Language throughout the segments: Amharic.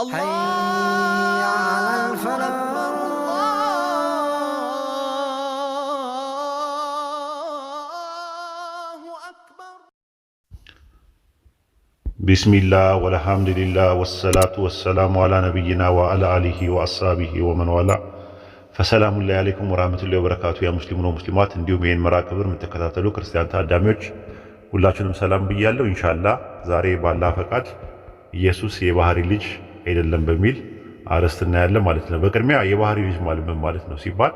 الله على ቢስሚላህ ወልሐምዱሊላህ ወሰላቱ ወሰላሙ አላ ነቢይና ወአላ አሊሂ ወአሳቢሂ ወመንዋላ ፈሰላሙ ላይ አሌይኩም ወራህመቱላሂ ወበረካቱ። ያ ሙስሊሙን ወሙስሊማት እንዲሁም ይህን መርሃ ግብር የምትከታተሉ ክርስቲያን ታዳሚዎች ሁላችሁንም ሰላም ብያለሁ። ኢንሻአላህ ዛሬ ባላ ፈቃድ ኢየሱስ የባህሪ ልጅ አይደለም በሚል አርዕስት እናያለን ማለት ነው። በቅድሚያ የባህሪ ልጅ ማለት ማለት ነው ሲባል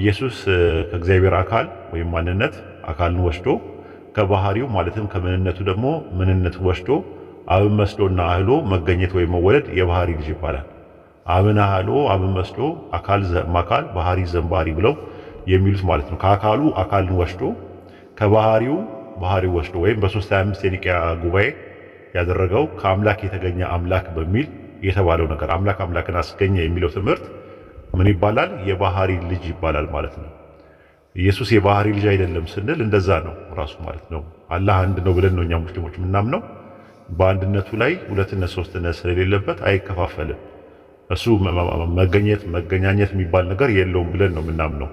ኢየሱስ ከእግዚአብሔር አካል ወይም ማንነት አካልን ወስዶ ከባህሪው ማለትም ከምንነቱ ደግሞ ምንነት ወስዶ አብን መስሎና አህሎ መገኘት ወይም መወለድ የባህሪ ልጅ ይባላል። አብን አህሎ አብን መስሎ አካል ዘማካል ባህሪ ዘምባህሪ ብለው የሚሉት ማለት ነው። ከአካሉ አካልን ወስዶ ከባህሪው ባህሪው ወስዶ ወይም በ325 የኒቅያ ጉባኤ ያደረገው ከአምላክ የተገኘ አምላክ በሚል የተባለው ነገር አምላክ አምላክን አስገኘ የሚለው ትምህርት ምን ይባላል? የባህሪ ልጅ ይባላል ማለት ነው። ኢየሱስ የባህሪ ልጅ አይደለም ስንል እንደዛ ነው ራሱ ማለት ነው። አላህ አንድ ነው ብለን ነው እኛ ሙስሊሞች የምናምነው። በአንድነቱ ላይ ሁለትነት ሶስትነት ስለሌለበት አይከፋፈልም። እሱ መገኘት መገኛኘት የሚባል ነገር የለውም ብለን ነው የምናምነው።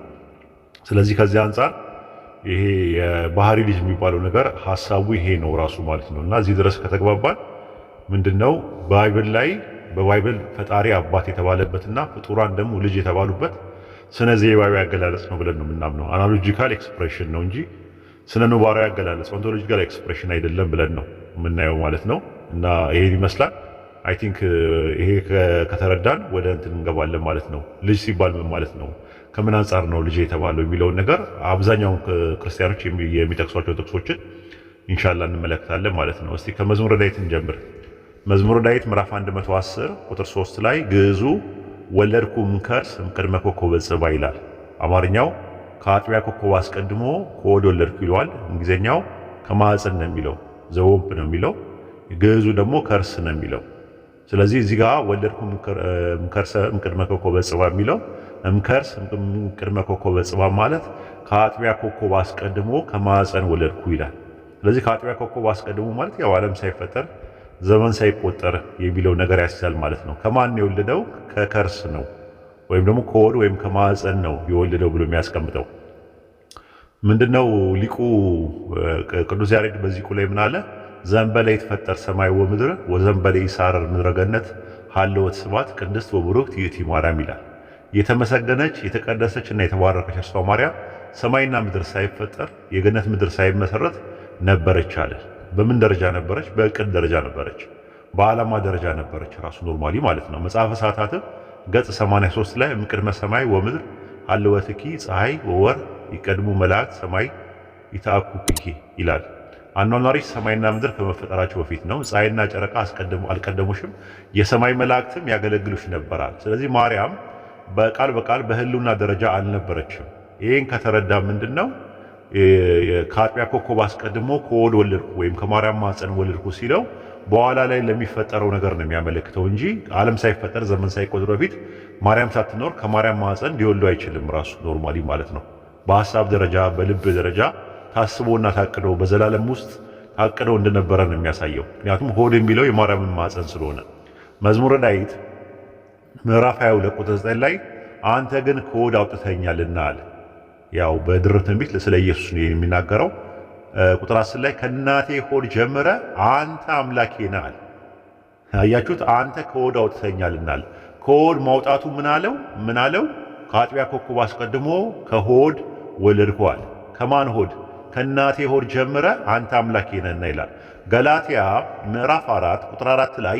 ስለዚህ ከዚህ አንጻር ይሄ የባህሪ ልጅ የሚባለው ነገር ሀሳቡ ይሄ ነው ራሱ ማለት ነው እና እዚህ ድረስ ከተግባባን ምንድነው ባይብል ላይ በባይብል ፈጣሪ አባት የተባለበትና ፍጡራን ደግሞ ልጅ የተባሉበት ስነ ዜባዊ አገላለጽ ነው ብለን ነው የምናምነው። አናሎጂካል ኤክስፕሬሽን ነው እንጂ ስነ ኑባራዊ አገላለጽ ኦንቶሎጂካል ኤክስፕሬሽን አይደለም ብለን ነው የምናየው ማለት ነው። እና ይሄን ይመስላል። አይ ቲንክ uh, ይሄ ከተረዳን ወደ እንትን እንገባለን ማለት ነው። ልጅ ሲባል ምን ማለት ነው፣ ከምን አንጻር ነው ልጅ የተባለው የሚለውን ነገር አብዛኛውን ክርስቲያኖች የሚጠቅሷቸው ጥቅሶችን ኢንሻላ እንመለከታለን ማለት ነው። እስቲ ከመዝሙረ ዳዊት እንጀምር። መዝሙረ ዳዊት ምዕራፍ 110 ቁጥር 3 ላይ ግዕዙ ወለድኩ እምከርስ እምቅድመ ኮከበ ጽባሕ ይላል። አማርኛው ከአጥቢያ ኮከብ አስቀድሞ ከወድ ወለድኩ ይለዋል። እንግሊዝኛው ከማዕፀን ነው የሚለው ዘወምፕ ነው የሚለው ግዕዙ ደግሞ ከርስ ነው የሚለው። ስለዚህ እዚህ ጋር ወለድኩ እምከርሰ እምቅድመ ኮከበ ጽባሕ የሚለው እምከርስ እምቅድመ ኮከበ ጽባሕ ማለት ከአጥቢያ ኮከብ አስቀድሞ ከማዕፀን ወለድኩ ይላል። ስለዚህ ከአጥቢያ ኮከብ አስቀድሞ ማለት ያው ዓለም ሳይፈጠር ዘመን ሳይቆጠር የሚለው ነገር ያስችላል ማለት ነው። ከማን የወለደው ከከርስ ነው ወይም ደግሞ ከወድ ወይም ከማዕፀን ነው የወለደው ብሎ የሚያስቀምጠው ምንድነው? ሊቁ ቅዱስ ያሬድ በዚቁ ላይ ምን አለ? ዘንበለ የተፈጠር ሰማይ ወምድር ወዘንበለ ይሳረር ምድረገነት ሀለወት ስባት ቅድስት ወቡሩክት ይእቲ ማርያም ይላል። የተመሰገነች የተቀደሰች እና የተባረከች እርሷ ማርያም ሰማይና ምድር ሳይፈጠር የገነት ምድር ሳይመሰረት ነበረች አለ። በምን ደረጃ ነበረች? በእቅድ ደረጃ ነበረች፣ በዓላማ ደረጃ ነበረች። ራሱ ኖርማሊ ማለት ነው። መጽሐፈ ሰዓታትን ገጽ 83 ላይ እምቅድመ ሰማይ ወምድር አልወትኪ ፀሐይ ወወር ይቀድሙ መላእክት ሰማይ ይታኩኪ ይላል። አኗኗሪሽ ሰማይና ምድር ከመፈጠራቸው በፊት ነው። ፀሐይና ጨረቃ አልቀደሙሽም፣ የሰማይ መላእክትም ያገለግሉሽ ነበራል። ስለዚህ ማርያም በቃል በቃል በህልውና ደረጃ አልነበረችም። ይህን ከተረዳ ምንድን ነው ከአጥቢያ ኮከብ አስቀድሞ ከወድ ወለድኩ ወይም ከማርያም ማህፀን ወለድኩ ሲለው በኋላ ላይ ለሚፈጠረው ነገር ነው የሚያመለክተው እንጂ ዓለም ሳይፈጠር ዘመን ሳይቆጥር በፊት ማርያም ሳትኖር ከማርያም ማህፀን ሊወልዱ አይችልም። ራሱ ኖርማሊ ማለት ነው። በሀሳብ ደረጃ በልብ ደረጃ ታስቦና ታቅዶ በዘላለም ውስጥ ታቅዶ እንደነበረ ነው የሚያሳየው። ምክንያቱም ሆድ የሚለው የማርያምን ማህፀን ስለሆነ መዝሙረ ዳዊት ምዕራፍ 22 ቁጥር 9 ላይ አንተ ግን ከወድ አውጥተኛልና አለ። ያው በድር ትንቢት ስለ ኢየሱስ ነው የሚናገረው። ቁጥር 10 ላይ ከእናቴ ሆድ ጀምረ አንተ አምላኬ ነህ አያችሁት? አንተ ከሆድ አውጥተኛልናል። ከሆድ ማውጣቱ ምን አለው? ምን አለው? ከአጥቢያ ኮከብ አስቀድሞ ከሆድ ወለድከዋል። ከማን ሆድ? ከእናቴ ሆድ ጀምረ አንተ አምላኬ ነህና ይላል። ገላትያ ምዕራፍ 4 ቁጥር 4 ላይ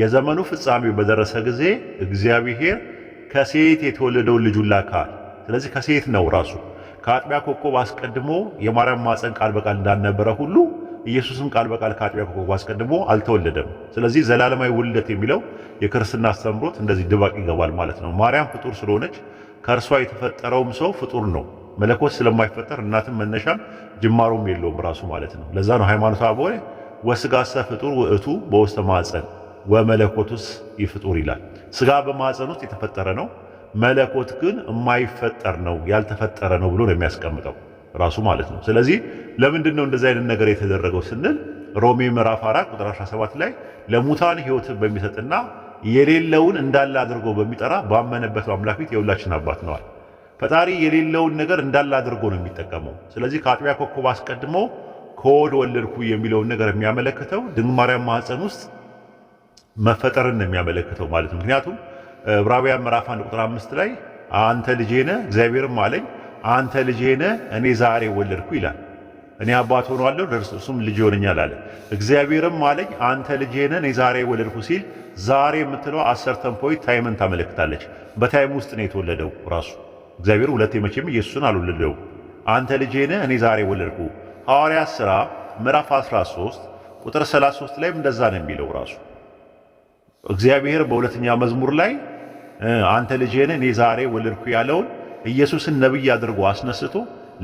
የዘመኑ ፍጻሜ በደረሰ ጊዜ እግዚአብሔር ከሴት የተወለደውን ልጁን ላከ። ስለዚህ ከሴት ነው ራሱ ከአጥቢያ ኮከብ አስቀድሞ የማርያም ማፀን ቃል በቃል እንዳልነበረ ሁሉ ኢየሱስም ቃል በቃል ከአጥቢያ ኮከብ አስቀድሞ አልተወለደም። ስለዚህ ዘላለማዊ ውልደት የሚለው የክርስትና አስተምሮት እንደዚህ ድባቅ ይገባል ማለት ነው። ማርያም ፍጡር ስለሆነች ከእርሷ የተፈጠረውም ሰው ፍጡር ነው። መለኮት ስለማይፈጠር እናትም መነሻም ጅማሮም የለውም ራሱ ማለት ነው። ለዛ ነው ሃይማኖት አበሆነ ወስጋሰ ፍጡር ውእቱ በውስተ ማፀን ወመለኮቱስ ይፍጡር ይላል። ስጋ በማፀን ውስጥ የተፈጠረ ነው መለኮት ግን የማይፈጠር ነው ያልተፈጠረ ነው ብሎ ነው የሚያስቀምጠው ራሱ ማለት ነው። ስለዚህ ለምንድን ነው እንደዚህ አይነት ነገር የተደረገው ስንል ሮሜ ምዕራፍ 4 ቁጥር 17 ላይ ለሙታን ህይወት በሚሰጥና የሌለውን እንዳለ አድርጎ በሚጠራ ባመነበት በአምላክ ፊት የሁላችን አባት ነዋል። ፈጣሪ የሌለውን ነገር እንዳለ አድርጎ ነው የሚጠቀመው። ስለዚህ ከአጥቢያ ኮከብ አስቀድሞ ከወድ ወለድኩ የሚለውን ነገር የሚያመለክተው ድንግል ማርያም ውስጥ መፈጠርን ነው የሚያመለክተው ማለት ነው። ምክንያቱም ዕብራውያን ምዕራፍ አንድ ቁጥር አምስት ላይ አንተ ልጄ ነህ፣ እግዚአብሔርም አለኝ አንተ ልጄነ እኔ ዛሬ ወለድኩ ይላል። እኔ አባት ሆኗለሁ፣ እርሱም ልጅ ይሆነኛል አለ። እግዚአብሔርም አለኝ አንተ ልጄ እኔ ዛሬ ወለድኩ ሲል ዛሬ የምትለው አሰርተን ፖይንት ታይምን ታመለክታለች። በታይም ውስጥ ነው የተወለደው ራሱ እግዚአብሔር ሁለቴ መቼም ኢየሱስን አልወለደው። አንተ ልጄ እኔ ዛሬ ወለድኩ። ሐዋርያ ሥራ ምዕራፍ 13 ቁጥር 33 ላይም እንደዛ ነው የሚለው ራሱ እግዚአብሔር በሁለተኛ መዝሙር ላይ አንተ ልጄ ነህ እኔ ዛሬ ወለድኩ ያለውን ኢየሱስን ነቢይ አድርጎ አስነስቶ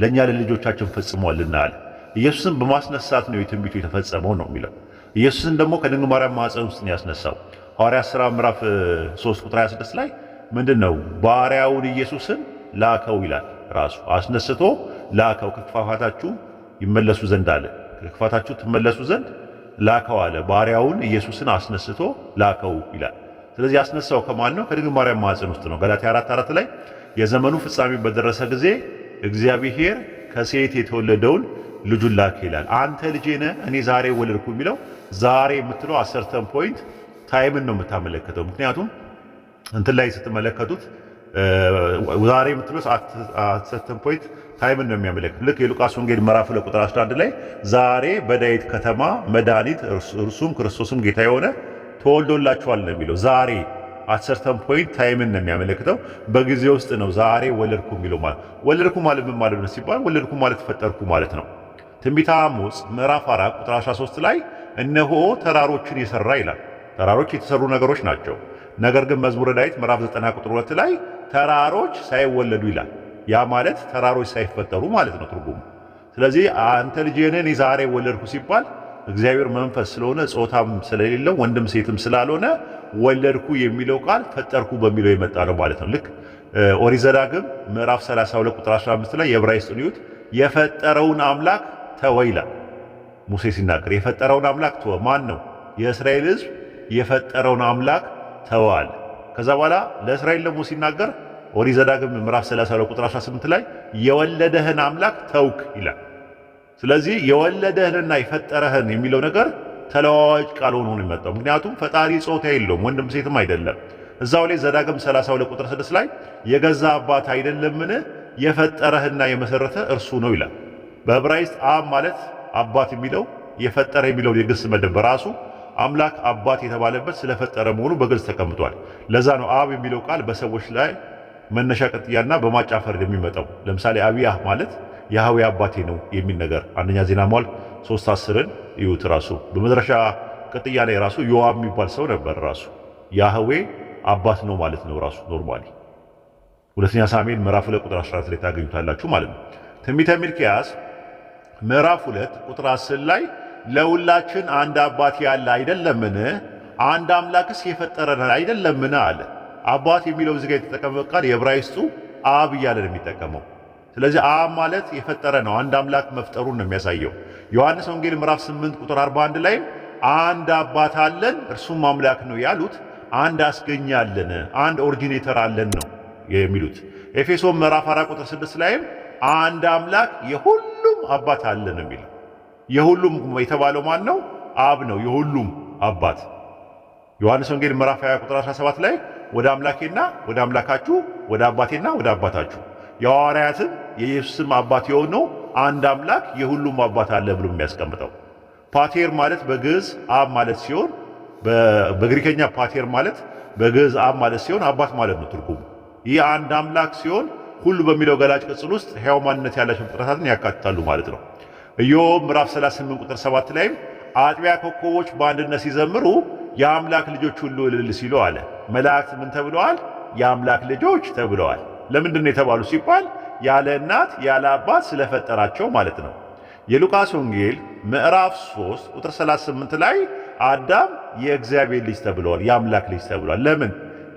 ለእኛ ለልጆቻችን ፈጽሟልና አለ። ኢየሱስን በማስነሳት ነው የትንቢቱ የተፈጸመው ነው የሚለው። ኢየሱስን ደግሞ ከድንግል ማርያም ማኅፀን ውስጥ ነው ያስነሳው። ሐዋርያ ሥራ ምዕራፍ 3 ቁጥር 26 ላይ ምንድን ነው ባሪያውን ኢየሱስን ላከው ይላል። ራሱ አስነስቶ ላከው ከክፋታችሁ ይመለሱ ዘንድ አለ። ከክፋታችሁ ትመለሱ ዘንድ ላከው አለ። ባሪያውን ኢየሱስን አስነስቶ ላከው ይላል። ስለዚህ ያስነሳው ከማን ነው? ከድንግል ማርያም ማኅፀን ውስጥ ነው። ገላትያ አራት አራት ላይ የዘመኑ ፍጻሜ በደረሰ ጊዜ እግዚአብሔር ከሴት የተወለደውን ልጁን ላከ ይላል። አንተ ልጄ ነህ እኔ ዛሬ ወለድኩ የሚለው ዛሬ የምትለው አሰርተን ፖይንት ታይምን ነው የምታመለከተው። ምክንያቱም እንትን ላይ ስትመለከቱት ዛሬ የምትለው አሰርተን ፖይንት ታይምን ነው የሚያመለክት። ልክ የሉቃስ ወንጌል ምዕራፍ ለቁጥር 11 ላይ ዛሬ በዳዊት ከተማ መድኃኒት እርሱም ክርስቶስም ጌታ የሆነ ተወልዶላችኋል ነው የሚለው ዛሬ አሰርተን ፖይንት ታይምን ነው የሚያመለክተው። በጊዜ ውስጥ ነው ዛሬ ወለድኩ የሚለው ማለት ወለድኩ ማለት ምን ማለት ነው ሲባል ወለድኩ ማለት ፈጠርኩ ማለት ነው። ትንቢተ አሞጽ ምዕራፍ 4 ቁጥር 13 ላይ እነሆ ተራሮችን የሰራ ይላል። ተራሮች የተሰሩ ነገሮች ናቸው። ነገር ግን መዝሙረ ዳዊት ምዕራፍ 90 ቁጥር 2 ላይ ተራሮች ሳይወለዱ ይላል። ያ ማለት ተራሮች ሳይፈጠሩ ማለት ነው ትርጉሙ። ስለዚህ አንተ ልጄ እኔ ዛሬ ወለድኩ ሲባል እግዚአብሔር መንፈስ ስለሆነ ጾታም ስለሌለው ወንድም ሴትም ስላልሆነ ወለድኩ የሚለው ቃል ፈጠርኩ በሚለው የመጣ ነው ማለት ነው። ልክ ኦሪት ዘዳግም ምዕራፍ 32 ቁጥር 15 ላይ የዕብራይስጡን ይዩት። የፈጠረውን አምላክ ተወ ይላል ሙሴ ሲናገር፣ የፈጠረውን አምላክ ተወ ማን ነው? የእስራኤል ሕዝብ የፈጠረውን አምላክ ተወዋል። ከዛ በኋላ ለእስራኤል ደግሞ ሲናገር ኦሪት ዘዳግም ምዕራፍ 32 ቁጥር 18 ላይ የወለደህን አምላክ ተውክ ይላል። ስለዚህ የወለደህንና የፈጠረህን የሚለው ነገር ተለዋዋጭ ቃል ሆኖ ነው የመጣው። ምክንያቱም ፈጣሪ ጾታ የለውም ወንድም ሴትም አይደለም። እዛው ላይ ዘዳግም 32 ቁጥር 6 ላይ የገዛ አባት አይደለምን የፈጠረህና የመሰረተ እርሱ ነው ይላል። በዕብራይስጥ አብ ማለት አባት የሚለው የፈጠረ የሚለው የግስ መደብ በራሱ አምላክ አባት የተባለበት ስለፈጠረ መሆኑ በግልጽ ተቀምጧል። ለዛ ነው አብ የሚለው ቃል በሰዎች ላይ መነሻ ቅጥያና በማጫፈር የሚመጣው። ለምሳሌ አብያህ ማለት የሐዊ አባቴ ነው የሚል ነገር አንደኛ ዜና መዋዕል ሶስት አስርን ይዩት። ራሱ በመድረሻ ቅጥያ ላይ ራሱ ዮዋ የሚባል ሰው ነበር። ራሱ ያህዌ አባት ነው ማለት ነው። ራሱ ኖርማሊ ሁለተኛ ሳሙኤል ምዕራፍ ሁለት ቁጥር 14 ላይ ታገኙታላችሁ ማለት ነው። ትንቢተ ሚልክያስ ምዕራፍ ሁለት ቁጥር 10 ላይ ለሁላችን አንድ አባት ያለ አይደለምን? አንድ አምላክስ የፈጠረን አይደለምን? አለ። አባት የሚለው እዚህ ጋር የተጠቀመበት ቃል የዕብራይስጡ አብ እያለ ነው የሚጠቀመው ስለዚህ አብ ማለት የፈጠረ ነው። አንድ አምላክ መፍጠሩን ነው የሚያሳየው። ዮሐንስ ወንጌል ምዕራፍ 8 ቁጥር 41 ላይ አንድ አባት አለን እርሱም አምላክ ነው ያሉት አንድ አስገኝ አለን፣ አንድ ኦሪጂኔተር አለን ነው የሚሉት። ኤፌሶን ምዕራፍ 4 ቁጥር 6 ላይም አንድ አምላክ የሁሉም አባት አለን የሚል የሁሉም የተባለው ማን ነው? አብ ነው የሁሉም አባት። ዮሐንስ ወንጌል ምዕራፍ 20 ቁጥር 17 ላይ ወደ አምላኬና ወደ አምላካችሁ ወደ አባቴና ወደ አባታችሁ የሐዋርያትም የኢየሱስም አባት የሆነው አንድ አምላክ የሁሉም አባት አለ ብሎ የሚያስቀምጠው ፓቴር ማለት በግዕዝ አብ ማለት ሲሆን በግሪከኛ ፓቴር ማለት በግዕዝ አብ ማለት ሲሆን አባት ማለት ነው ትርጉሙ። ይህ አንድ አምላክ ሲሆን ሁሉ በሚለው ገላጭ ቅጽል ውስጥ ሕያው ማንነት ያላቸው ፍጥረታትን ያካትታሉ ማለት ነው። ኢዮብ ምዕራፍ 38 ቁጥር 7 ላይም አጥቢያ ኮከቦች በአንድነት ሲዘምሩ የአምላክ ልጆች ሁሉ እልል ሲሉ አለ። መላእክት ምን ተብለዋል? የአምላክ ልጆች ተብለዋል። ለምንድን ነው የተባሉ ሲባል ያለ እናት ያለ አባት ስለፈጠራቸው ማለት ነው። የሉቃስ ወንጌል ምዕራፍ 3 ቁጥር 38 ላይ አዳም የእግዚአብሔር ልጅ ተብሏል፣ የአምላክ ልጅ ተብሏል። ለምን?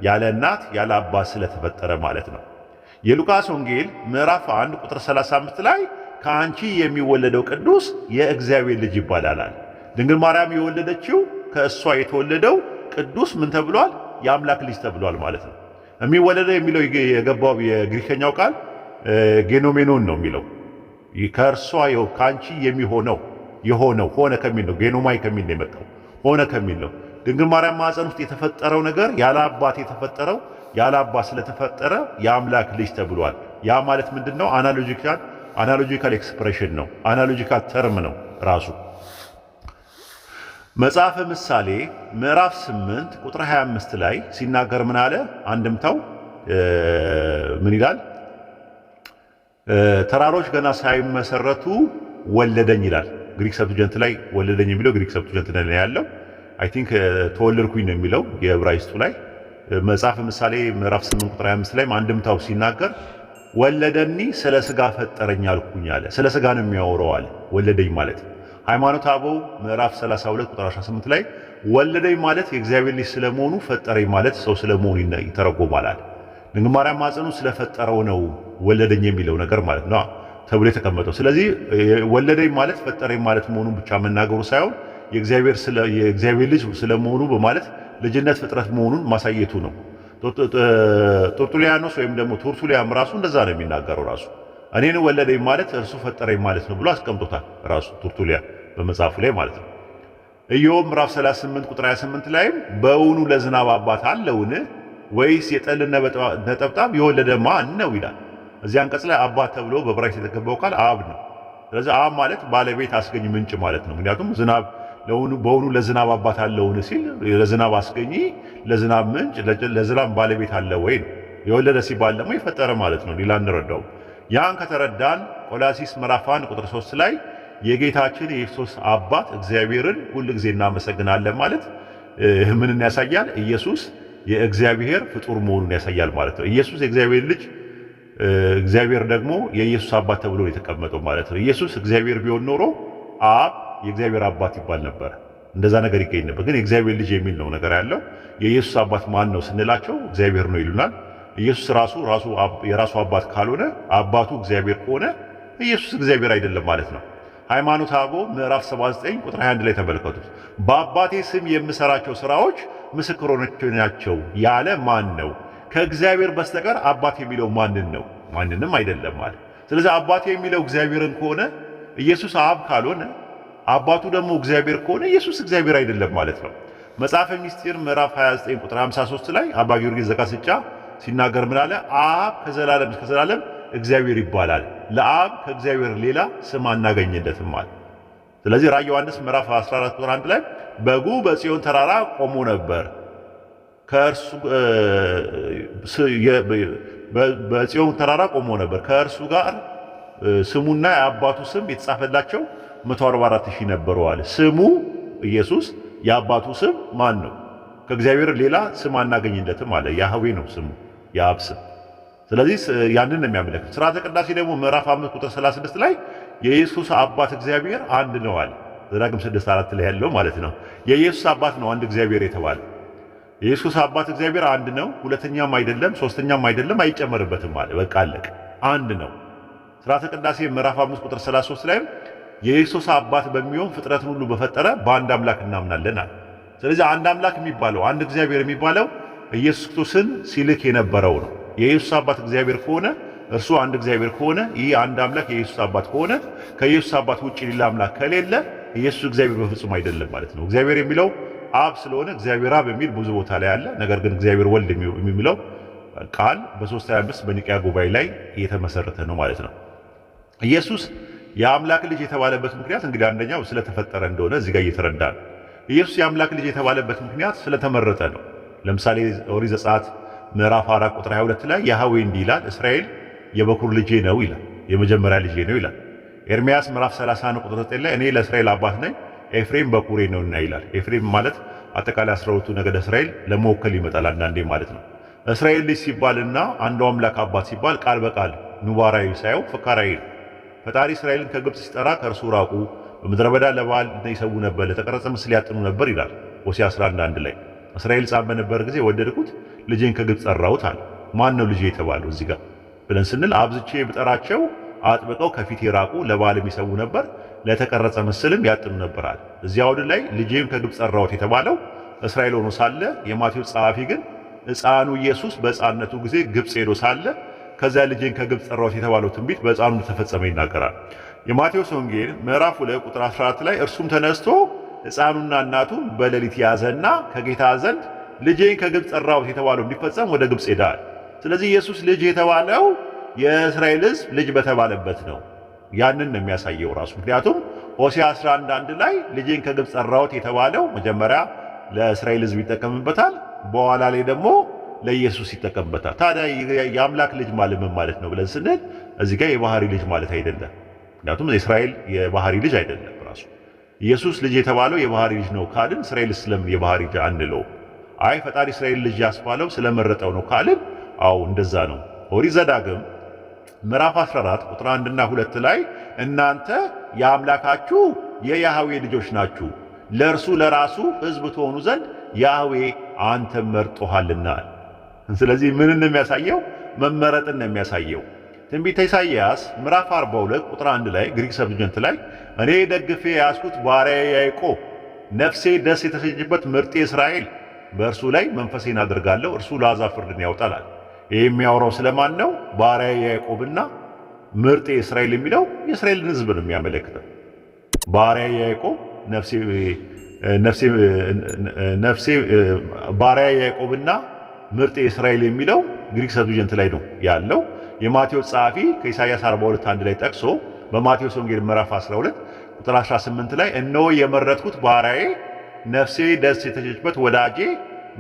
ያለ እናት ያለ አባት ስለተፈጠረ ማለት ነው። የሉቃስ ወንጌል ምዕራፍ 1 ቁጥር 35 ላይ ከአንቺ የሚወለደው ቅዱስ የእግዚአብሔር ልጅ ይባላል። ድንግል ማርያም የወለደችው ከእሷ የተወለደው ቅዱስ ምን ተብሏል? የአምላክ ልጅ ተብሏል ማለት ነው። የሚወለደው የሚለው የገባው የግሪከኛው ቃል ጌኖሜኖን ነው የሚለው ከእርሷ ከአንቺ የሚሆነው የሆነው ሆነ ከሚል ነው። ጌኖማይ ከሚል ነው የመጣው ሆነ ከሚል ነው። ድንግል ማርያም ማህፀን ውስጥ የተፈጠረው ነገር ያለ አባት የተፈጠረው ያለ አባት ስለተፈጠረ የአምላክ ልጅ ተብሏል። ያ ማለት ምንድን ነው? አናሎጂካል አናሎጂካል ኤክስፕሬሽን ነው። አናሎጂካል ተርም ነው ራሱ መጽሐፈ ምሳሌ ምዕራፍ 8 ቁጥር 25 ላይ ሲናገር ምን አለ? አንድምታው ምን ይላል? ተራሮች ገና ሳይመሰረቱ ወለደኝ ይላል። ግሪክ ሰብቱጀንት ላይ ወለደኝ የሚለው ግሪክ ሰብቱጀንት ላይ ያለው አይ ቲንክ ተወለድኩኝ ነው የሚለው የዕብራይስጡ ላይ። መጽሐፈ ምሳሌ ምዕራፍ 8 ቁጥር 25 ላይ አንድምታው ሲናገር ወለደኒ ስለ ስጋ ፈጠረኝ አልኩኝ አለ። ስለ ስጋ ነው የሚያወራው አለ። ወለደኝ ማለት ነው ሃይማኖት አበው ምዕራፍ 32 ቁጥር 18 ላይ ወለደኝ ማለት የእግዚአብሔር ልጅ ስለመሆኑ ፈጠረኝ ማለት ሰው ስለመሆኑ ይተረጎማል። ድንግል ማርያም ማፀኑ ስለፈጠረው ነው ወለደኝ የሚለው ነገር ማለት ነው ተብሎ የተቀመጠው። ስለዚህ ወለደኝ ማለት ፈጠረኝ ማለት መሆኑን ብቻ መናገሩ ሳይሆን የእግዚአብሔር ልጅ ስለመሆኑ በማለት ልጅነት ፍጥረት መሆኑን ማሳየቱ ነው። ቶርቱሊያኖስ ወይም ደግሞ ቶርቱሊያም ራሱ እንደዛ ነው የሚናገረው ራሱ እኔን ወለደኝ ማለት እርሱ ፈጠረኝ ማለት ነው ብሎ አስቀምጦታል ራሱ ቱርቱሊያ በመጽሐፉ ላይ ማለት ነው። ኢዮብ ምዕራፍ 38 ቁጥር 28 ላይም በውኑ ለዝናብ አባት አለውን? ወይስ የጠል ነጠብጣብ የወለደ ማን ነው ይላል። እዚህ አንቀጽ ላይ አባት ተብሎ በብራይት የተገባው ቃል አብ ነው። ስለዚህ አብ ማለት ባለቤት አስገኝ ምንጭ ማለት ነው። ምክንያቱም ዝናብ በውኑ ለዝናብ አባት አለውን ሲል ለዝናብ አስገኝ፣ ለዝናብ ምንጭ፣ ለዝናብ ባለቤት አለ ወይ ነው። የወለደ ሲባል ደግሞ የፈጠረ ማለት ነው። ሌላ እንረዳው ያን ከተረዳን ቆላሲስ ምዕራፍ 1 ቁጥር 3 ላይ የጌታችን የኢየሱስ አባት እግዚአብሔርን ሁል ጊዜ እናመሰግናለን ማለት ምንን ያሳያል? ኢየሱስ የእግዚአብሔር ፍጡር መሆኑን ያሳያል ማለት ነው። ኢየሱስ የእግዚአብሔር ልጅ፣ እግዚአብሔር ደግሞ የኢየሱስ አባት ተብሎ የተቀመጠው ማለት ነው። ኢየሱስ እግዚአብሔር ቢሆን ኖሮ አብ የእግዚአብሔር አባት ይባል ነበር። እንደዛ ነገር ይገኝ ነበር። ግን የእግዚአብሔር ልጅ የሚል ነው ነገር ያለው። የኢየሱስ አባት ማን ነው ስንላቸው እግዚአብሔር ነው ይሉናል። ኢየሱስ ራሱ ራሱ የራሱ አባት ካልሆነ አባቱ እግዚአብሔር ከሆነ ኢየሱስ እግዚአብሔር አይደለም ማለት ነው። ሃይማኖት አበው ምዕራፍ 79 ቁጥር 21 ላይ ተመልከቱት። በአባቴ ስም የምሰራቸው ስራዎች ምስክሮች ናቸው ያለ ማን ነው? ከእግዚአብሔር በስተቀር አባት የሚለው ማንን ነው? ማንንም አይደለም ማለት። ስለዚህ አባቴ የሚለው እግዚአብሔርን ከሆነ ኢየሱስ አብ ካልሆነ አባቱ ደግሞ እግዚአብሔር ከሆነ ኢየሱስ እግዚአብሔር አይደለም ማለት ነው። መጽሐፈ ሚስጢር ምዕራፍ 29 ቁጥር 53 ላይ አባ ጊዮርጊስ ዘጋስጫ ሲናገር ምን አለ? አብ ከዘላለም እስከ ዘላለም እግዚአብሔር ይባላል። ለአብ ከእግዚአብሔር ሌላ ስም አናገኝለትም አለ። ስለዚህ ራዕየ ዮሐንስ ምዕራፍ 14 ቁጥር 1 ላይ በጉ በጽዮን ተራራ ቆሞ ነበር፣ ከእርሱ በጽዮን ተራራ ቆሞ ነበር፣ ከእርሱ ጋር ስሙና የአባቱ ስም የተጻፈላቸው 144 ሺህ ነበሩ አለ። ስሙ ኢየሱስ የአባቱ ስም ማን ነው? ከእግዚአብሔር ሌላ ስም አናገኝለትም አለ። ያህዌ ነው ስሙ። ያብስል። ስለዚህ ያንን ነው የሚያመለክት። ስርዓተ ቅዳሴ ደግሞ ምዕራፍ 5 ቁጥር 36 ላይ የኢየሱስ አባት እግዚአብሔር አንድ ነው አለ። ዘዳግም 6 4 ላይ ያለው ማለት ነው። የኢየሱስ አባት ነው አንድ እግዚአብሔር የተባለ የኢየሱስ አባት እግዚአብሔር አንድ ነው፣ ሁለተኛም አይደለም፣ ሶስተኛም አይደለም፣ አይጨመርበትም አለ። በቃ አለቅ አንድ ነው። ስርዓተ ቅዳሴ ምዕራፍ 5 ቁጥር 33 ላይም የኢየሱስ አባት በሚሆን ፍጥረትን ሁሉ በፈጠረ በአንድ አምላክ እናምናለን አለ። ስለዚህ አንድ አምላክ የሚባለው አንድ እግዚአብሔር የሚባለው ኢየሱስ ክርስቶስን ሲልክ የነበረው ነው። የኢየሱስ አባት እግዚአብሔር ከሆነ እርሱ አንድ እግዚአብሔር ከሆነ ይህ አንድ አምላክ የኢየሱስ አባት ከሆነ ከኢየሱስ አባት ውጭ ሌላ አምላክ ከሌለ ኢየሱስ እግዚአብሔር በፍጹም አይደለም ማለት ነው። እግዚአብሔር የሚለው አብ ስለሆነ እግዚአብሔር አብ የሚል ብዙ ቦታ ላይ አለ። ነገር ግን እግዚአብሔር ወልድ የሚለው ቃል በ325 በኒቅያ ጉባኤ ላይ እየተመሰረተ ነው ማለት ነው። ኢየሱስ የአምላክ ልጅ የተባለበት ምክንያት እንግዲህ አንደኛው ስለተፈጠረ እንደሆነ እዚህ ጋር እየተረዳ ነው። ኢየሱስ የአምላክ ልጅ የተባለበት ምክንያት ስለተመረጠ ነው። ለምሳሌ ኦሪት ዘጸአት ምዕራፍ 4 ቁጥር 22 ላይ ያህዌ እንዲህ ይላል እስራኤል የበኩር ልጄ ነው ይላል፣ የመጀመሪያ ልጄ ነው ይላል። ኤርምያስ ምዕራፍ 31 ቁጥር 9 ላይ እኔ ለእስራኤል አባት ነኝ ኤፍሬም በኩሬ ነውና ይላል። ኤፍሬም ማለት አጠቃላይ 12ቱ ነገደ እስራኤል ለመወከል ይመጣል አንዳንዴ ማለት ነው። እስራኤል ልጅ ሲባልና አንዱ አምላክ አባት ሲባል ቃል በቃል ኑባራዊ ሳይሆን ፍካራዊ ነው። ፈጣሪ እስራኤልን ከግብፅ ሲጠራ ከእርሱ ራቁ፣ በምድረ በዳ ለበዓል ይሰዉ ነበር፣ ለተቀረጸ ምስል ያጥኑ ነበር ይላል ሆሴዕ 11 ላይ እስራኤል ጻም በነበረ ጊዜ ወደድኩት፣ ልጄን ከግብፅ ጠራሁት አለ። ማን ነው ልጄ የተባለው እዚህ ጋር ብለን ስንል አብዝቼ ብጠራቸው አጥብቀው ከፊት ይራቁ፣ ለባል የሚሰዉ ነበር፣ ለተቀረጸ ምስልም ያጥኑ ነበር አለ። እዚያ አውድ ላይ ልጄን ከግብፅ ጠራሁት የተባለው እስራኤል ሆኖ ሳለ የማቴዎስ ጸሐፊ ግን ሕፃኑ ኢየሱስ በሕፃንነቱ ጊዜ ግብፅ ሄዶ ሳለ ከዚያ ልጄን ከግብፅ ጠራሁት የተባለው ትንቢት በሕፃኑ እንደተፈጸመ ይናገራል። የማቴዎስ ወንጌል ምዕራፍ 2 ቁጥር 14 ላይ እርሱም ተነስቶ ሕፃኑና እናቱ በሌሊት ያዘና ከጌታ ዘንድ ልጄን ከግብፅ ጠራሁት የተባለው እንዲፈጸም ወደ ግብፅ ሄዳል። ስለዚህ ኢየሱስ ልጅ የተባለው የእስራኤል ሕዝብ ልጅ በተባለበት ነው። ያንን ነው የሚያሳየው ራሱ። ምክንያቱም ሆሴዕ 11፥1 ላይ ልጄን ከግብፅ ጠራሁት የተባለው መጀመሪያ ለእስራኤል ሕዝብ ይጠቀምበታል፣ በኋላ ላይ ደግሞ ለኢየሱስ ይጠቀምበታል። ታዲያ የአምላክ ልጅ ማለት ምን ማለት ነው ብለን ስንል እዚህ ጋር የባህሪ ልጅ ማለት አይደለም። ምክንያቱም የእስራኤል የባህሪ ልጅ አይደለም። ኢየሱስ ልጅ የተባለው የባህሪ ልጅ ነው ካልን እስራኤል ለምን የባህሪ ልጅ አንለው? አይ ፈጣሪ እስራኤል ልጅ ያስባለው ስለመረጠው ነው ካልን አው እንደዛ ነው። ኦሪት ዘዳግም ምዕራፍ 14 ቁጥር 1 እና 2 ላይ እናንተ የአምላካችሁ የያህዌ ልጆች ናችሁ፣ ለእርሱ ለራሱ ሕዝብ ትሆኑ ዘንድ ያህዌ አንተ መርጦሃልና። ስለዚህ ምንን ነው የሚያሳየው? መመረጥን ነው የሚያሳየው። ትንቢተ ኢሳይያስ ምዕራፍ 42 ቁጥር 1 ላይ ግሪክ ሰብጀንት ላይ እኔ ደግፌ የያዝኩት ባሪያዬ ያዕቆብ ነፍሴ ደስ የተሰኘችበት ምርጤ እስራኤል በእርሱ ላይ መንፈሴን አድርጋለሁ፣ እርሱ ለአሕዛብ ፍርድን ያውጣላል። ይህ የሚያወራው ስለማን ነው? ባሪያ ያዕቆብና ምርጤ እስራኤል የሚለው የእስራኤልን ሕዝብ ነው የሚያመለክተው። ባሪያዬ ያዕቆብ ነፍሴ ባሪያ ያዕቆብና ምርጤ እስራኤል የሚለው ግሪክ ሰብጀንት ላይ ነው ያለው። የማቴዎስ ጸሐፊ ከኢሳያስ 42 አንድ ላይ ጠቅሶ በማቴዎስ ወንጌል ምዕራፍ 12 ቁጥር 18 ላይ እነሆ የመረጥኩት ባሪያዬ፣ ነፍሴ ደስ የተቸችበት ወዳጄ፣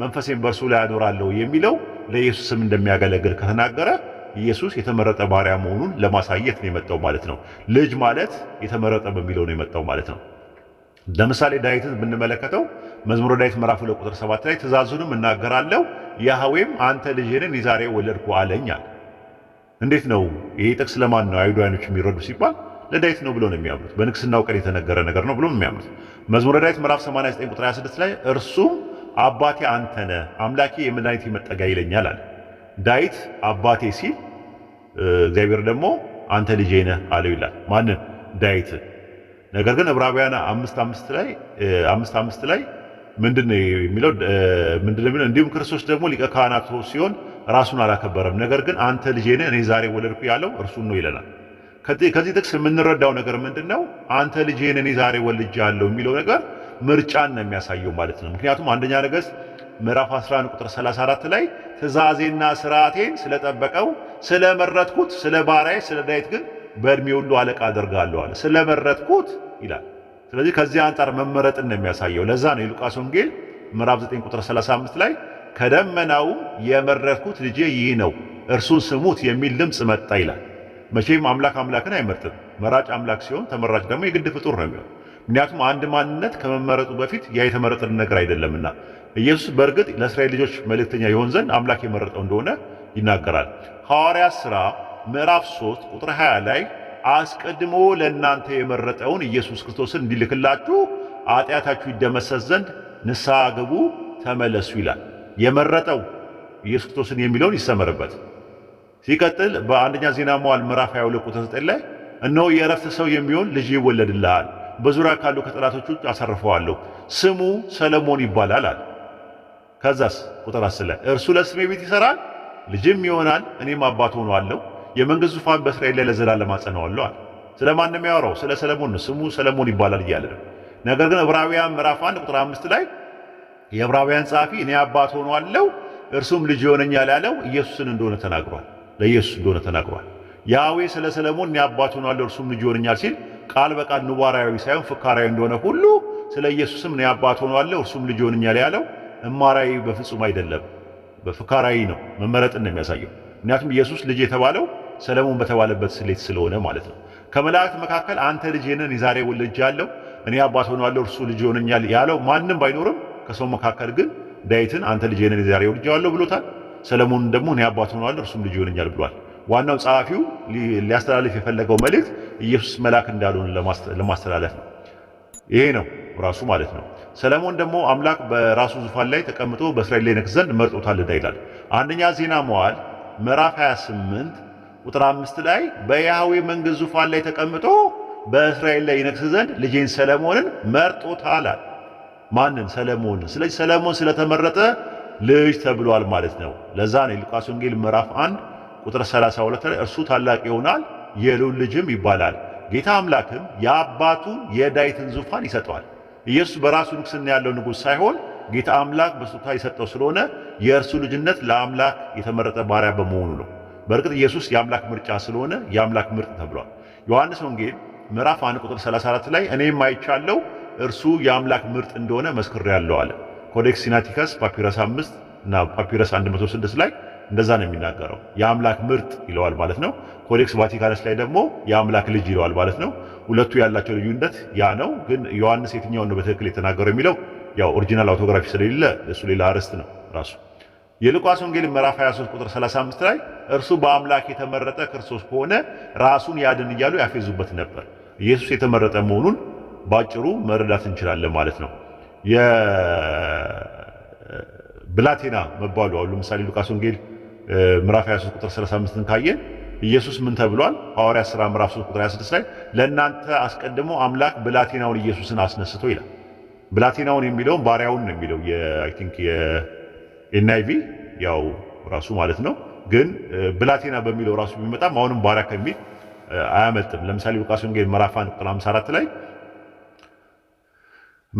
መንፈሴን በእርሱ ላይ አኖራለሁ የሚለው ለኢየሱስ ስም እንደሚያገለግል ከተናገረ ኢየሱስ የተመረጠ ባሪያ መሆኑን ለማሳየት ነው የመጣው ማለት ነው። ልጅ ማለት የተመረጠ በሚለው ነው የመጣው ማለት ነው። ለምሳሌ ዳዊትን ብንመለከተው መዝሙረ ዳዊት ምዕራፍ ሁለት ቁጥር ሰባት ላይ ትእዛዙንም እናገራለሁ ያህዌም አንተ ልጅህን ዛሬ ወለድኩ አለኛል። እንዴት ነው ይሄ ጥቅስ? ለማን ነው አይሁዳውያኖች የሚረዱ ሲባል ለዳዊት ነው ብሎ ነው የሚያምኑት። በንግስናው ቀን የተነገረ ነገር ነው ብሎ ነው የሚያምኑት። መዝሙረ ዳዊት ምዕራፍ 89 ቁጥር 26 ላይ እርሱም አባቴ አንተ ነህ አምላኬ የመድኃኒቴ መጠጊያ ይለኛል አለ። ዳዊት አባቴ ሲል እግዚአብሔር ደግሞ አንተ ልጄ ነህ አለው ይላል። ማንን? ዳዊትን ነገር ግን ዕብራውያን አምስት አምስት ላይ አምስት አምስት ላይ ምንድን የሚለው? ምንድን የሚለው? እንዲሁም ክርስቶስ ደግሞ ሊቀ ካህናት ሲሆን ራሱን አላከበረም፣ ነገር ግን አንተ ልጄ ነህ እኔ ዛሬ ወለድኩ ያለው እርሱን ነው ይለናል። ከዚህ ጥቅስ የምንረዳው ነገር ምንድን ነው? አንተ ልጄ ነህ እኔ ዛሬ ወልጃለሁ የሚለው ነገር ምርጫን ነው የሚያሳየው ማለት ነው። ምክንያቱም አንደኛ ነገሥት ምዕራፍ 11 ቁጥር 34 ላይ ትእዛዜና ስርዓቴን ስለጠበቀው ስለመረጥኩት ስለ ባሪያዬ ስለ ዳዊት ግን በእድሜ ሁሉ አለቃ አደርጋለሁ አለ። ስለመረጥኩት ይላል። ስለዚህ ከዚህ አንጻር መመረጥን ነው የሚያሳየው። ለዛ ነው የሉቃስ ወንጌል ምዕራፍ 9 ቁጥር 35 ላይ ከደመናው የመረጥኩት ልጄ ይህ ነው እርሱን ስሙት የሚል ድምፅ መጣ ይላል። መቼም አምላክ አምላክን አይመርጥም። መራጭ አምላክ ሲሆን፣ ተመራጭ ደግሞ የግድ ፍጡር ነው የሚሆን። ምክንያቱም አንድ ማንነት ከመመረጡ በፊት ያ የተመረጠን ነገር አይደለምና ኢየሱስ በእርግጥ ለእስራኤል ልጆች መልእክተኛ ይሆን ዘንድ አምላክ የመረጠው እንደሆነ ይናገራል። ሐዋርያ ሥራ ምዕራፍ 3 ቁጥር 20 ላይ አስቀድሞ ለእናንተ የመረጠውን ኢየሱስ ክርስቶስን እንዲልክላችሁ ኃጢአታችሁ ይደመሰስ ዘንድ ንስሐ ግቡ ተመለሱ ይላል። የመረጠው ኢየሱስ ክርስቶስን የሚለውን ይሰመርበት። ሲቀጥል በአንደኛ ዜና መዋዕል ምዕራፍ 22 ቁጥር 9 ላይ እነሆ የእረፍት ሰው የሚሆን ልጅ ይወለድልሃል፣ በዙሪያ ካሉ ከጠላቶቹ አሳርፈዋለሁ፣ ስሙ ሰለሞን ይባላል አለ። ከዛስ ቁጥር 10 ላይ እርሱ ለስሜ ቤት ይሰራል፣ ልጅም ይሆናል፣ እኔም አባት ሆነዋለሁ የመንግሥት ዙፋን በእስራኤል ላይ ለዘላለም አጸናዋለሁ አለ። ስለ ማንም ያወራው ስለ ሰለሞን ስሙ ሰለሞን ይባላል እያለ ነው። ነገር ግን ዕብራውያን ምዕራፍ 1 ቁጥር 5 ላይ የዕብራውያን ጸሐፊ እኔ አባት ሆኗለሁ እርሱም ልጅ ይሆነኛል ያለው ኢየሱስን እንደሆነ ተናግሯል። ለኢየሱስ እንደሆነ ተናግሯል። ያዌ ስለ ሰለሞን እኔ አባት ሆኗለሁ እርሱም ልጅ ይሆነኛል ሲል ቃል በቃል ንዋራዊ ሳይሆን ፍካራዊ እንደሆነ ሁሉ ስለ ኢየሱስም እኔ አባት ሆኗለሁ እርሱም ልጅ ይሆነኛል ያለው እማራዊ በፍጹም አይደለም፣ በፍካራዊ ነው። መመረጥን ነው የሚያሳየው። ምክንያቱም ኢየሱስ ልጅ የተባለው ሰለሞን በተባለበት ስሌት ስለሆነ ማለት ነው። ከመላእክት መካከል አንተ ልጅ ነን የዛሬ ወልጅ ያለው እኔ አባት ሆኗለሁ እርሱ ልጅ ይሆነኛል ያለው ማንም ባይኖርም ከሰው መካከል ግን ዳዊትን አንተ ልጅ ነን የዛሬ ወልጅ ያለው ብሎታል። ሰለሞን ደግሞ እኔ አባት ሆኗለሁ እርሱም ልጅ ይሆነኛል ብሏል። ዋናው ጸሐፊው ሊያስተላልፍ የፈለገው መልእክት ኢየሱስ መልአክ እንዳልሆነ ለማስተላለፍ ነው። ይሄ ነው ራሱ ማለት ነው። ሰለሞን ደግሞ አምላክ በራሱ ዙፋን ላይ ተቀምጦ በእስራኤል ላይ ነግስ ዘንድ መርጦታልና ይላል። አንደኛ ዜና መዋዕል ምዕራፍ 28 ቁጥር አምስት ላይ በያህዌ መንግሥት ዙፋን ላይ ተቀምጦ በእስራኤል ላይ ይነግስ ዘንድ ልጄን ሰለሞንን መርጦታል። ማንን? ሰለሞንን። ስለዚህ ሰለሞን ስለተመረጠ ልጅ ተብሏል ማለት ነው። ለዛ ነው የሉቃስ ወንጌል ምዕራፍ 1 ቁጥር 32 ላይ እርሱ ታላቅ ይሆናል የልዑል ልጅም ይባላል፣ ጌታ አምላክም የአባቱ የዳዊትን ዙፋን ይሰጠዋል። ኢየሱስ በራሱ ንግስና ያለው ንጉሥ ሳይሆን ጌታ አምላክ በስጦታ የሰጠው ስለሆነ የእርሱ ልጅነት ለአምላክ የተመረጠ ባሪያ በመሆኑ ነው። በእርግጥ ኢየሱስ የአምላክ ምርጫ ስለሆነ የአምላክ ምርጥ ተብሏል። ዮሐንስ ወንጌል ምዕራፍ 1 ቁጥር 34 ላይ እኔም አይቻለው እርሱ የአምላክ ምርጥ እንደሆነ መስክሬአለሁ አለ። ኮዴክስ ሲናቲከስ ፓፒረስ 5 እና ፓፒረስ 106 ላይ እንደዛ ነው የሚናገረው። የአምላክ ምርጥ ይለዋል ማለት ነው። ኮዴክስ ቫቲካንስ ላይ ደግሞ የአምላክ ልጅ ይለዋል ማለት ነው። ሁለቱ ያላቸው ልዩነት ያ ነው። ግን ዮሐንስ የትኛውን ነው በትክክል የተናገረው የሚለው ያው ኦሪጂናል አውቶግራፊ ስለሌለ እሱ ሌላ አርዕስት ነው ራሱ የሉቃስ ወንጌል ምዕራፍ 23 ቁጥር 35 ላይ እርሱ በአምላክ የተመረጠ ክርስቶስ ከሆነ ራሱን ያድን እያሉ ያፌዙበት ነበር። ኢየሱስ የተመረጠ መሆኑን ባጭሩ መረዳት እንችላለን ማለት ነው። የብላቴና መባሉ አሁን ለምሳሌ ሉቃስ ወንጌል ምዕራፍ 23 ቁጥር 35ን ካየን ኢየሱስ ምን ተብሏል? ሐዋርያ ሥራ ምዕራፍ 3 ቁጥር 26 ላይ ለእናንተ አስቀድሞ አምላክ ብላቴናውን ኢየሱስን አስነስቶ ይላል። ብላቴናውን የሚለውን ባሪያውን ነው የሚለው አይ ቲንክ ኤንአይቪ ያው ራሱ ማለት ነው። ግን ብላቴና በሚለው ራሱ ቢመጣም አሁንም ባራ ከሚል አያመልጥም። ለምሳሌ ሉቃስ ወንጌል ምዕራፍ 1 ቁጥር 54 ላይ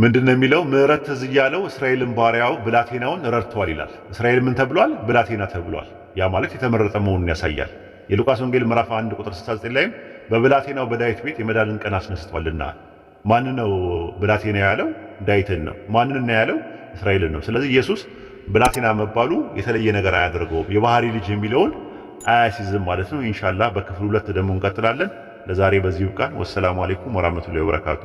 ምንድን ነው የሚለው? ምሕረት ተዝያለው እስራኤልን ባሪያው ብላቴናውን ረድቷል ይላል። እስራኤል ምን ተብሏል? ብላቴና ተብሏል። ያ ማለት የተመረጠ መሆኑን ያሳያል። የሉቃስ ወንጌል ምዕራፍ 1 ቁጥር 69 ላይም በብላቴናው በዳዊት ቤት የመዳንን ቀን አስነስቷልና። ማን ነው ብላቴና ያለው? ዳዊትን ነው። ማንን ነው ያለው? እስራኤልን ነው። ስለዚህ ኢየሱስ ብላቴና መባሉ የተለየ ነገር አያደርገውም። የባህሪ ልጅ የሚለውን አያሲዝም ማለት ነው። ኢንሻላ በክፍል ሁለት ደግሞ እንቀጥላለን። ለዛሬ በዚህ ይብቃን። ወሰላሙ አሌይኩም ወራህመቱላሂ ወበረካቱ።